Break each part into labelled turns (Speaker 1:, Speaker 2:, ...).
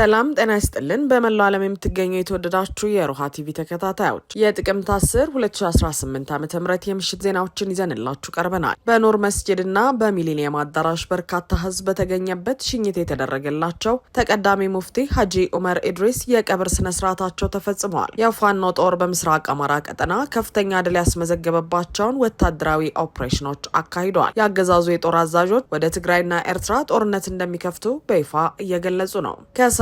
Speaker 1: ሰላም ጤና ይስጥልን። በመላው ዓለም የምትገኙ የተወደዳችሁ የሮሃ ቲቪ ተከታታዮች የጥቅምት 10 2018 ዓ ም የምሽት ዜናዎችን ይዘንላችሁ ቀርበናል። በኖር መስጅድና በሚሊኒየም አዳራሽ በርካታ ህዝብ በተገኘበት ሽኝት የተደረገላቸው ተቀዳሚ ሙፍቲ ሀጂ ኡመር ኢድሪስ የቀብር ስነ ስርዓታቸው ተፈጽመዋል። የፋኖ ጦር በምስራቅ አማራ ቀጠና ከፍተኛ ድል ያስመዘገበባቸውን ወታደራዊ ኦፕሬሽኖች አካሂደዋል። የአገዛዙ የጦር አዛዦች ወደ ትግራይና ኤርትራ ጦርነት እንደሚከፍቱ በይፋ እየገለጹ ነው።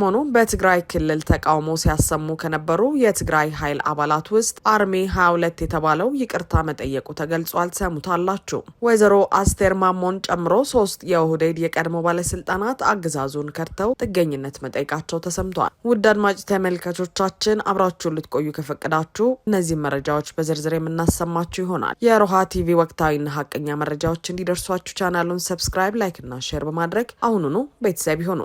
Speaker 1: ሰሞኑ በትግራይ ክልል ተቃውሞ ሲያሰሙ ከነበሩ የትግራይ ኃይል አባላት ውስጥ አርሚ 22 የተባለው ይቅርታ መጠየቁ ተገልጿል። ሰሙታላችሁ። ወይዘሮ አስቴር ማሞን ጨምሮ ሶስት የኦህዴድ የቀድሞ ባለስልጣናት አገዛዙን ከድተው ጥገኝነት መጠየቃቸው ተሰምቷል። ውድ አድማጭ ተመልካቾቻችን አብራችሁን ልትቆዩ ከፈቀዳችሁ እነዚህ መረጃዎች በዝርዝር የምናሰማችሁ ይሆናል። የሮሃ ቲቪ ወቅታዊና ሀቀኛ መረጃዎች እንዲደርሷችሁ ቻናሉን ሰብስክራይብ፣ ላይክ እና ሼር በማድረግ አሁኑኑ ቤተሰብ ይሁኑ።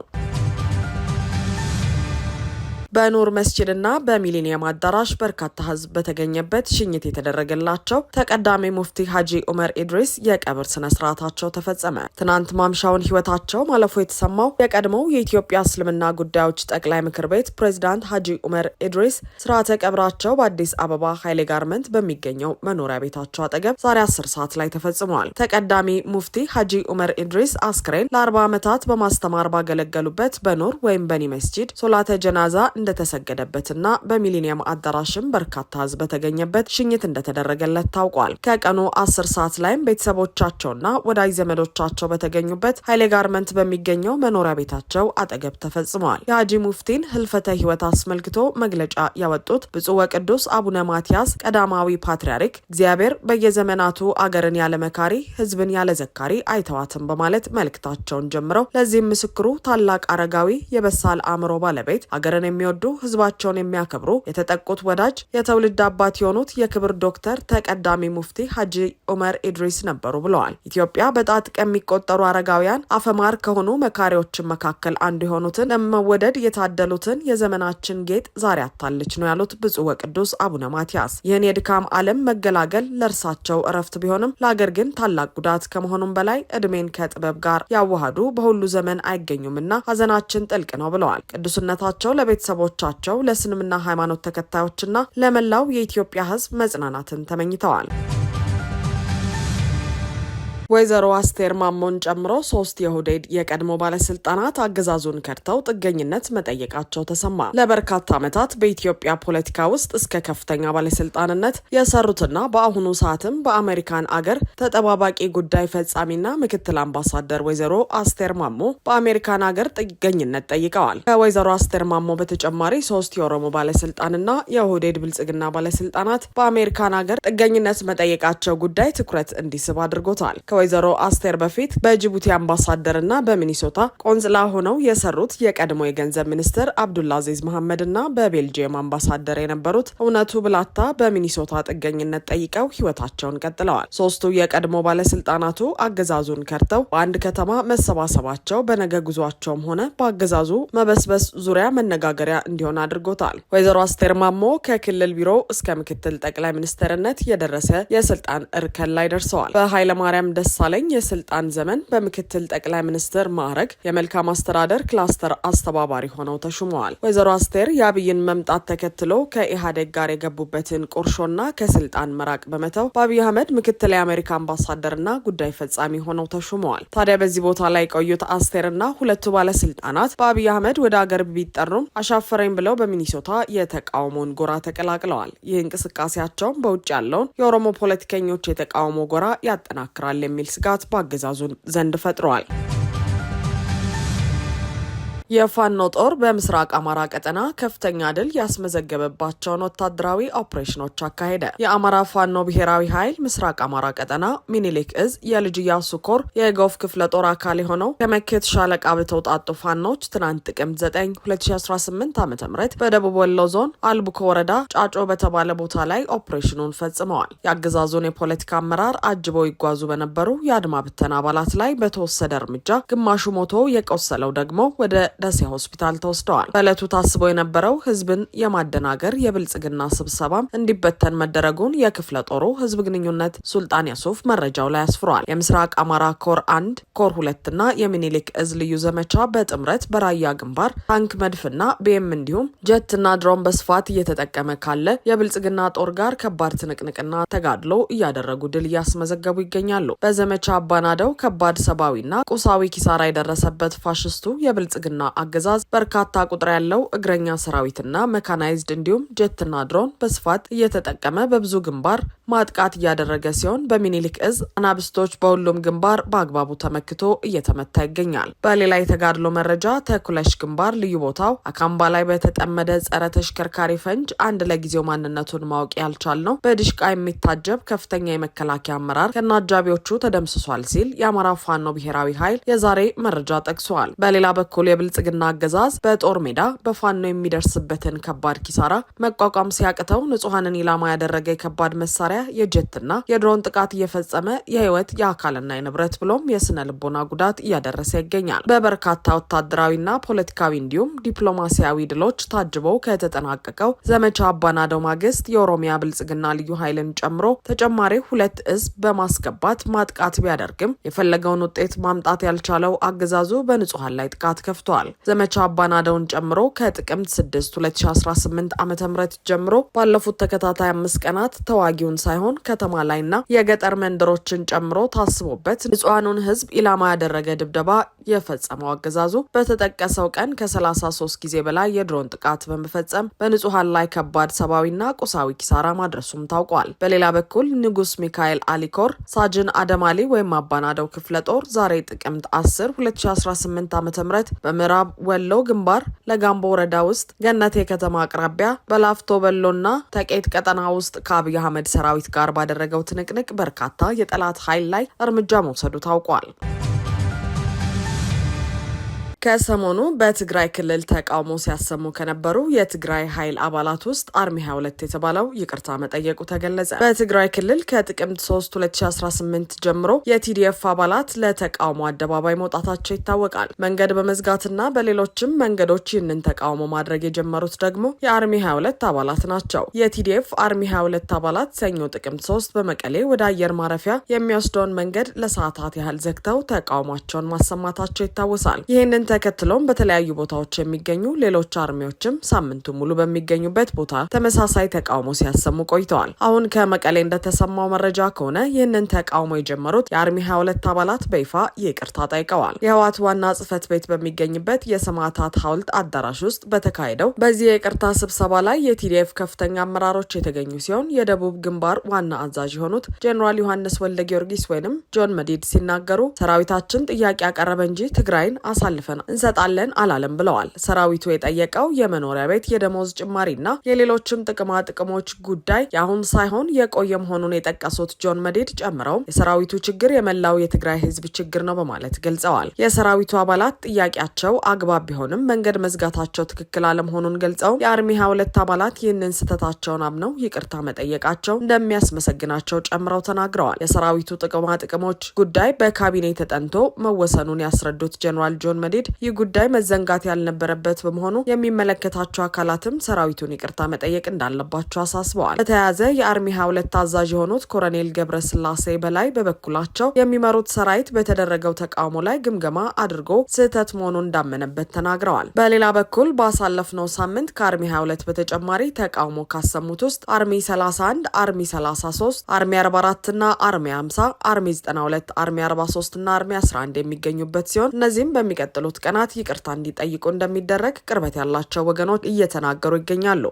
Speaker 1: በኑር መስጅድ እና በሚሊኒየም አዳራሽ በርካታ ህዝብ በተገኘበት ሽኝት የተደረገላቸው ተቀዳሚ ሙፍቲ ሀጂ ኡመር ኢድሪስ የቀብር ስነ ስርዓታቸው ተፈጸመ። ትናንት ማምሻውን ህይወታቸው ማለፉ የተሰማው የቀድሞው የኢትዮጵያ እስልምና ጉዳዮች ጠቅላይ ምክር ቤት ፕሬዚዳንት ሀጂ ኡመር ኢድሪስ ስርዓተ ቀብራቸው በአዲስ አበባ ኃይሌ ጋርመንት በሚገኘው መኖሪያ ቤታቸው አጠገብ ዛሬ አስር ሰዓት ላይ ተፈጽመዋል። ተቀዳሚ ሙፍቲ ሀጂ ኡመር ኢድሪስ አስክሬን ለአርባ ዓመታት በማስተማር ባገለገሉበት በኑር ወይም በኒ መስጂድ ሶላተ ጀናዛ እንደተሰገደበትና በሚሊኒየም አዳራሽም በርካታ ህዝብ በተገኘበት ሽኝት እንደተደረገለት ታውቋል። ከቀኑ አስር ሰዓት ላይም ቤተሰቦቻቸውና ወዳጅ ዘመዶቻቸው በተገኙበት ኃይሌ ጋርመንት በሚገኘው መኖሪያ ቤታቸው አጠገብ ተፈጽመዋል። የሀጂ ሙፍቲን ህልፈተ ህይወት አስመልክቶ መግለጫ ያወጡት ብፁዕ ወቅዱስ አቡነ ማቲያስ ቀዳማዊ ፓትርያርክ እግዚአብሔር በየዘመናቱ አገርን ያለ መካሪ ህዝብን ያለ ዘካሪ አይተዋትም በማለት መልእክታቸውን ጀምረው ለዚህም ምስክሩ ታላቅ አረጋዊ የበሳል አእምሮ ባለቤት አገርን የሚወ የሚወዱ ህዝባቸውን የሚያከብሩ የተጠቁት ወዳጅ የትውልድ አባት የሆኑት የክብር ዶክተር ተቀዳሚ ሙፍቲ ሀጂ ዑመር ኢድሪስ ነበሩ ብለዋል። ኢትዮጵያ በጣት ከሚቆጠሩ አረጋውያን አፈማር ከሆኑ መካሪዎችን መካከል አንዱ የሆኑትን ለመወደድ የታደሉትን የዘመናችን ጌጥ ዛሬ አታለች ነው ያሉት ብፁዕ ወቅዱስ አቡነ ማቲያስ። ይህን የድካም ዓለም መገላገል ለእርሳቸው እረፍት ቢሆንም ለአገር ግን ታላቅ ጉዳት ከመሆኑም በላይ እድሜን ከጥበብ ጋር ያዋሃዱ በሁሉ ዘመን አይገኙምና ሀዘናችን ጥልቅ ነው ብለዋል። ቅዱስነታቸው ለቤተሰቦ ቤተሰቦቻቸው ለእስልምና ሃይማኖት ተከታዮችና ለመላው የኢትዮጵያ ህዝብ መጽናናትን ተመኝተዋል። ወይዘሮ አስቴር ማሞን ጨምሮ ሶስት የሁዴድ የቀድሞ ባለስልጣናት አገዛዙን ከድተው ጥገኝነት መጠየቃቸው ተሰማ። ለበርካታ ዓመታት በኢትዮጵያ ፖለቲካ ውስጥ እስከ ከፍተኛ ባለስልጣንነት የሰሩትና በአሁኑ ሰዓትም በአሜሪካን አገር ተጠባባቂ ጉዳይ ፈጻሚና ምክትል አምባሳደር ወይዘሮ አስቴር ማሞ በአሜሪካን አገር ጥገኝነት ጠይቀዋል። ከወይዘሮ አስቴር ማሞ በተጨማሪ ሶስት የኦሮሞ ባለስልጣንና የሁዴድ ብልጽግና ባለስልጣናት በአሜሪካን አገር ጥገኝነት መጠየቃቸው ጉዳይ ትኩረት እንዲስብ አድርጎታል። ከወይዘሮ አስቴር በፊት በጅቡቲ አምባሳደር ና በሚኒሶታ ቆንጽላ ሆነው የሰሩት የቀድሞ የገንዘብ ሚኒስትር አብዱልአዚዝ መሐመድ እና በቤልጅየም አምባሳደር የነበሩት እውነቱ ብላታ በሚኒሶታ ጥገኝነት ጠይቀው ህይወታቸውን ቀጥለዋል። ሶስቱ የቀድሞ ባለስልጣናቱ አገዛዙን ከርተው በአንድ ከተማ መሰባሰባቸው በነገ ጉዟቸውም ሆነ በአገዛዙ መበስበስ ዙሪያ መነጋገሪያ እንዲሆን አድርጎታል። ወይዘሮ አስቴር ማሞ ከክልል ቢሮ እስከ ምክትል ጠቅላይ ሚኒስትርነት የደረሰ የስልጣን እርከን ላይ ደርሰዋል። በኃይለማርያም ደ ደሳለኝ የስልጣን ዘመን በምክትል ጠቅላይ ሚኒስትር ማዕረግ የመልካም አስተዳደር ክላስተር አስተባባሪ ሆነው ተሹመዋል። ወይዘሮ አስቴር የአብይን መምጣት ተከትሎ ከኢህአዴግ ጋር የገቡበትን ቁርሾና ከስልጣን መራቅ በመተው በአብይ አህመድ ምክትል የአሜሪካ አምባሳደርና ጉዳይ ፈጻሚ ሆነው ተሹመዋል። ታዲያ በዚህ ቦታ ላይ የቆዩት አስቴርና ሁለቱ ባለስልጣናት በአብይ አህመድ ወደ አገር ቢጠሩም አሻፈረኝ ብለው በሚኒሶታ የተቃውሞውን ጎራ ተቀላቅለዋል። ይህ እንቅስቃሴያቸውም በውጭ ያለውን የኦሮሞ ፖለቲከኞች የተቃውሞ ጎራ ያጠናክራል የሚል ስጋት በአገዛዙን ዘንድ ፈጥሯል። የፋኖ ጦር በምስራቅ አማራ ቀጠና ከፍተኛ ድል ያስመዘገበባቸውን ወታደራዊ ኦፕሬሽኖች አካሄደ። የአማራ ፋኖ ብሔራዊ ኃይል ምስራቅ አማራ ቀጠና ሚኒሊክ እዝ የልጅ ኢያሱ ኮር የጎፍ ክፍለ ጦር አካል የሆነው ከመኬት ሻለቃ በተውጣጡ ፋኖች ትናንት ጥቅምት 9 2018 ዓ ም በደቡብ ወሎ ዞን አልቡኮ ወረዳ ጫጮ በተባለ ቦታ ላይ ኦፕሬሽኑን ፈጽመዋል። የአገዛዙን የፖለቲካ አመራር አጅበው ይጓዙ በነበሩ የአድማ ብተና አባላት ላይ በተወሰደ እርምጃ ግማሹ ሞቶ የቆሰለው ደግሞ ወደ ደሴ ሆስፒታል ተወስደዋል። በዕለቱ ታስቦ የነበረው ህዝብን የማደናገር የብልጽግና ስብሰባ እንዲበተን መደረጉን የክፍለ ጦሩ ህዝብ ግንኙነት ሱልጣን ያሱፍ መረጃው ላይ አስፍሯል። የምስራቅ አማራ ኮር አንድ ኮር ሁለት ና የሚኒሊክ እዝ ልዩ ዘመቻ በጥምረት በራያ ግንባር ታንክ መድፍና ቤም እንዲሁም ጀትና ድሮን በስፋት እየተጠቀመ ካለ የብልጽግና ጦር ጋር ከባድ ትንቅንቅና ተጋድሎ እያደረጉ ድል እያስመዘገቡ ይገኛሉ። በዘመቻ አባናደው ከባድ ሰብአዊና ቁሳዊ ኪሳራ የደረሰበት ፋሽስቱ የብልጽግና የብልጽግና አገዛዝ በርካታ ቁጥር ያለው እግረኛ ሰራዊትና መካናይዝድ እንዲሁም ጀትና ድሮን በስፋት እየተጠቀመ በብዙ ግንባር ማጥቃት እያደረገ ሲሆን በሚኒሊክ እዝ አናብስቶች በሁሉም ግንባር በአግባቡ ተመክቶ እየተመታ ይገኛል። በሌላ የተጋድሎ መረጃ ተኩለሽ ግንባር ልዩ ቦታው አካምባ ላይ በተጠመደ ጸረ ተሽከርካሪ ፈንጅ አንድ ለጊዜው ማንነቱን ማወቅ ያልቻል ነው በድሽቃ የሚታጀብ ከፍተኛ የመከላከያ አመራር ከናጃቢዎቹ ተደምስሷል ሲል የአማራ ፋኖ ብሔራዊ ኃይል የዛሬ መረጃ ጠቅሷል። በሌላ በኩል የብልጽ የብልጽግና አገዛዝ በጦር ሜዳ በፋኖ የሚደርስበትን ከባድ ኪሳራ መቋቋም ሲያቅተው ንጹሐንን ኢላማ ያደረገ የከባድ መሳሪያ የጀትና የድሮን ጥቃት እየፈጸመ የህይወት የአካልና የንብረት ብሎም የስነ ልቦና ጉዳት እያደረሰ ይገኛል። በበርካታ ወታደራዊና ፖለቲካዊ እንዲሁም ዲፕሎማሲያዊ ድሎች ታጅበው ከተጠናቀቀው ዘመቻ አባናደው ማግስት የኦሮሚያ ብልጽግና ልዩ ኃይልን ጨምሮ ተጨማሪ ሁለት እዝ በማስገባት ማጥቃት ቢያደርግም የፈለገውን ውጤት ማምጣት ያልቻለው አገዛዙ በንጹሐን ላይ ጥቃት ከፍቷል። ተናግረዋል። ዘመቻ አባናደውን ጨምሮ ከጥቅምት 6 2018 ዓ ም ጀምሮ ባለፉት ተከታታይ አምስት ቀናት ተዋጊውን ሳይሆን ከተማ ላይና የገጠር መንደሮችን ጨምሮ ታስቦበት ንጹሐኑን ህዝብ ኢላማ ያደረገ ድብደባ የፈጸመው አገዛዙ በተጠቀሰው ቀን ከ33 ጊዜ በላይ የድሮን ጥቃት በመፈጸም በንጹሐን ላይ ከባድ ሰብአዊና ቁሳዊ ኪሳራ ማድረሱም ታውቋል። በሌላ በኩል ንጉስ ሚካኤል አሊኮር ሳጅን አደማሊ ወይም አባናደው ክፍለ ጦር ዛሬ ጥቅምት 10 2018 ዓ ም በምዕራብ ምዕራብ ወሎ ግንባር ለጋምቦ ወረዳ ውስጥ ገነቴ ከተማ አቅራቢያ በላፍቶ በሎና ተቄት ቀጠና ውስጥ ከአብይ አህመድ ሰራዊት ጋር ባደረገው ትንቅንቅ በርካታ የጠላት ኃይል ላይ እርምጃ መውሰዱ ታውቋል። ከሰሞኑ በትግራይ ክልል ተቃውሞ ሲያሰሙ ከነበሩ የትግራይ ኃይል አባላት ውስጥ አርሚ 22 የተባለው ይቅርታ መጠየቁ ተገለጸ። በትግራይ ክልል ከጥቅምት 3 2018 ጀምሮ የቲዲኤፍ አባላት ለተቃውሞ አደባባይ መውጣታቸው ይታወቃል። መንገድ በመዝጋትና በሌሎችም መንገዶች ይህንን ተቃውሞ ማድረግ የጀመሩት ደግሞ የአርሚ 22 አባላት ናቸው። የቲዲኤፍ አርሚ 22 አባላት ሰኞ ጥቅምት 3 በመቀሌ ወደ አየር ማረፊያ የሚወስደውን መንገድ ለሰዓታት ያህል ዘግተው ተቃውሟቸውን ማሰማታቸው ይታወሳል። ይህንን ተከትሎም በተለያዩ ቦታዎች የሚገኙ ሌሎች አርሚዎችም ሳምንቱ ሙሉ በሚገኙበት ቦታ ተመሳሳይ ተቃውሞ ሲያሰሙ ቆይተዋል። አሁን ከመቀሌ እንደተሰማው መረጃ ከሆነ ይህንን ተቃውሞ የጀመሩት የአርሚ 22 አባላት በይፋ ይቅርታ ጠይቀዋል። የህወሓት ዋና ጽህፈት ቤት በሚገኝበት የሰማዕታት ሐውልት አዳራሽ ውስጥ በተካሄደው በዚህ የቅርታ ስብሰባ ላይ የቲዲኤፍ ከፍተኛ አመራሮች የተገኙ ሲሆን የደቡብ ግንባር ዋና አዛዥ የሆኑት ጄኔራል ዮሐንስ ወልደ ጊዮርጊስ ወይንም ጆን መዲድ ሲናገሩ ሰራዊታችን ጥያቄ አቀረበ እንጂ ትግራይን አሳልፈን እንሰጣለን አላለም ብለዋል። ሰራዊቱ የጠየቀው የመኖሪያ ቤት የደሞዝ ጭማሪና የሌሎችም ጥቅማ ጥቅሞች ጉዳይ የአሁን ሳይሆን የቆየ መሆኑን የጠቀሱት ጆን መዴድ ጨምረውም የሰራዊቱ ችግር የመላው የትግራይ ህዝብ ችግር ነው በማለት ገልጸዋል። የሰራዊቱ አባላት ጥያቄያቸው አግባብ ቢሆንም መንገድ መዝጋታቸው ትክክል አለመሆኑን ገልጸው የአርሚ ሀያ ሁለት አባላት ይህንን ስህተታቸውን አምነው ይቅርታ መጠየቃቸው እንደሚያስመሰግናቸው ጨምረው ተናግረዋል። የሰራዊቱ ጥቅማ ጥቅሞች ጉዳይ በካቢኔ ተጠንቶ መወሰኑን ያስረዱት ጀኔራል ጆን መዴድ ሲካሄድ ይህ ጉዳይ መዘንጋት ያልነበረበት በመሆኑ የሚመለከታቸው አካላትም ሰራዊቱን ይቅርታ መጠየቅ እንዳለባቸው አሳስበዋል። በተያያዘ የአርሚ ሀያ ሁለት ታዛዥ የሆኑት ኮረኔል ገብረ ስላሴ በላይ በበኩላቸው የሚመሩት ሰራዊት በተደረገው ተቃውሞ ላይ ግምገማ አድርጎ ስህተት መሆኑን እንዳመነበት ተናግረዋል። በሌላ በኩል ባሳለፍነው ሳምንት ከአርሚ 22 በተጨማሪ ተቃውሞ ካሰሙት ውስጥ አርሚ 31፣ አርሚ 33፣ አርሚ 44 ና አርሚ 50፣ አርሚ 92፣ አርሚ 43 ና አርሚ 11 የሚገኙበት ሲሆን እነዚህም በሚቀጥሉት ቀናት ይቅርታ እንዲጠይቁ እንደሚደረግ ቅርበት ያላቸው ወገኖች እየተናገሩ ይገኛሉ።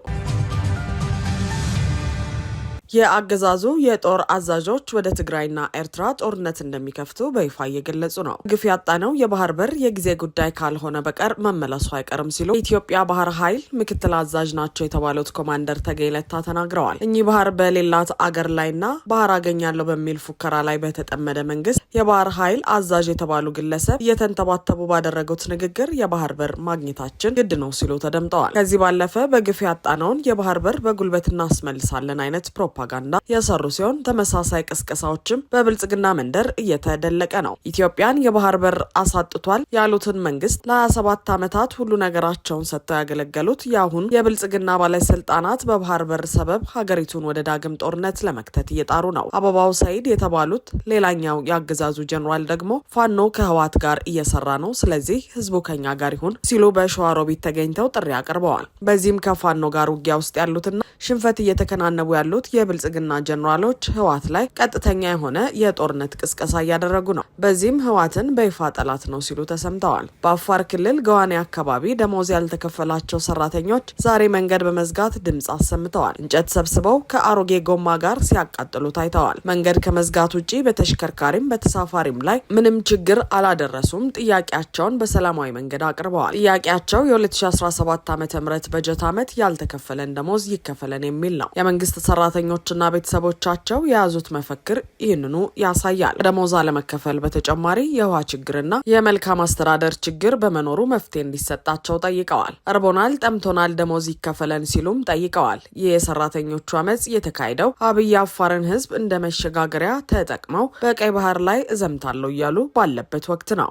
Speaker 1: የአገዛዙ የጦር አዛዦች ወደ ትግራይና ኤርትራ ጦርነት እንደሚከፍቱ በይፋ እየገለጹ ነው። ግፍ ያጣነው የባህር በር የጊዜ ጉዳይ ካልሆነ በቀር መመለሱ አይቀርም ሲሉ የኢትዮጵያ ባህር ኃይል ምክትል አዛዥ ናቸው የተባሉት ኮማንደር ተገይለታ ተናግረዋል። እኚህ ባህር በሌላት አገር ላይና ባህር አገኛለሁ በሚል ፉከራ ላይ በተጠመደ መንግስት የባህር ኃይል አዛዥ የተባሉ ግለሰብ እየተንተባተቡ ባደረጉት ንግግር የባህር በር ማግኘታችን ግድ ነው ሲሉ ተደምጠዋል። ከዚህ ባለፈ በግፍ ያጣነውን የባህር በር በጉልበት እናስመልሳለን አይነት ፕሮፓ ፕሮፓጋንዳ የሰሩ ሲሆን ተመሳሳይ ቅስቀሳዎችም በብልጽግና መንደር እየተደለቀ ነው። ኢትዮጵያን የባህር በር አሳጥቷል ያሉትን መንግስት ለ27 ዓመታት ሁሉ ነገራቸውን ሰጥተው ያገለገሉት የአሁን የብልጽግና ባለስልጣናት በባህር በር ሰበብ ሀገሪቱን ወደ ዳግም ጦርነት ለመክተት እየጣሩ ነው። አበባው ሰይድ የተባሉት ሌላኛው የአገዛዙ ጀኔራል ደግሞ ፋኖ ከህዋት ጋር እየሰራ ነው፣ ስለዚህ ህዝቡ ከኛ ጋር ይሁን ሲሉ በሸዋሮቢት ተገኝተው ጥሪ አቅርበዋል። በዚህም ከፋኖ ጋር ውጊያ ውስጥ ያሉትና ሽንፈት እየተከናነቡ ያሉት የብ የብልጽግና ጀኔራሎች ህወሓት ላይ ቀጥተኛ የሆነ የጦርነት ቅስቀሳ እያደረጉ ነው። በዚህም ህወሓትን በይፋ ጠላት ነው ሲሉ ተሰምተዋል። በአፋር ክልል ገዋኔ አካባቢ ደሞዝ ያልተከፈላቸው ሰራተኞች ዛሬ መንገድ በመዝጋት ድምፅ አሰምተዋል። እንጨት ሰብስበው ከአሮጌ ጎማ ጋር ሲያቃጥሉ ታይተዋል። መንገድ ከመዝጋት ውጪ በተሽከርካሪም በተሳፋሪም ላይ ምንም ችግር አላደረሱም። ጥያቄያቸውን በሰላማዊ መንገድ አቅርበዋል። ጥያቄያቸው የ2017 ዓ ም በጀት ዓመት ያልተከፈለን ደሞዝ ይከፈለን የሚል ነው። የመንግስት ሰራተኞች ሟቾችና ቤተሰቦቻቸው የያዙት መፈክር ይህንኑ ያሳያል። ከደሞዝ አለመከፈል በተጨማሪ የውሃ ችግርና የመልካም አስተዳደር ችግር በመኖሩ መፍትሄ እንዲሰጣቸው ጠይቀዋል። እርቦናል፣ ጠምቶናል፣ ደሞዝ ይከፈለን ሲሉም ጠይቀዋል። ይህ የሰራተኞቹ አመፅ የተካሄደው አብይ አፋርን ህዝብ እንደ መሸጋገሪያ ተጠቅመው በቀይ ባህር ላይ እዘምታለሁ እያሉ ባለበት ወቅት ነው።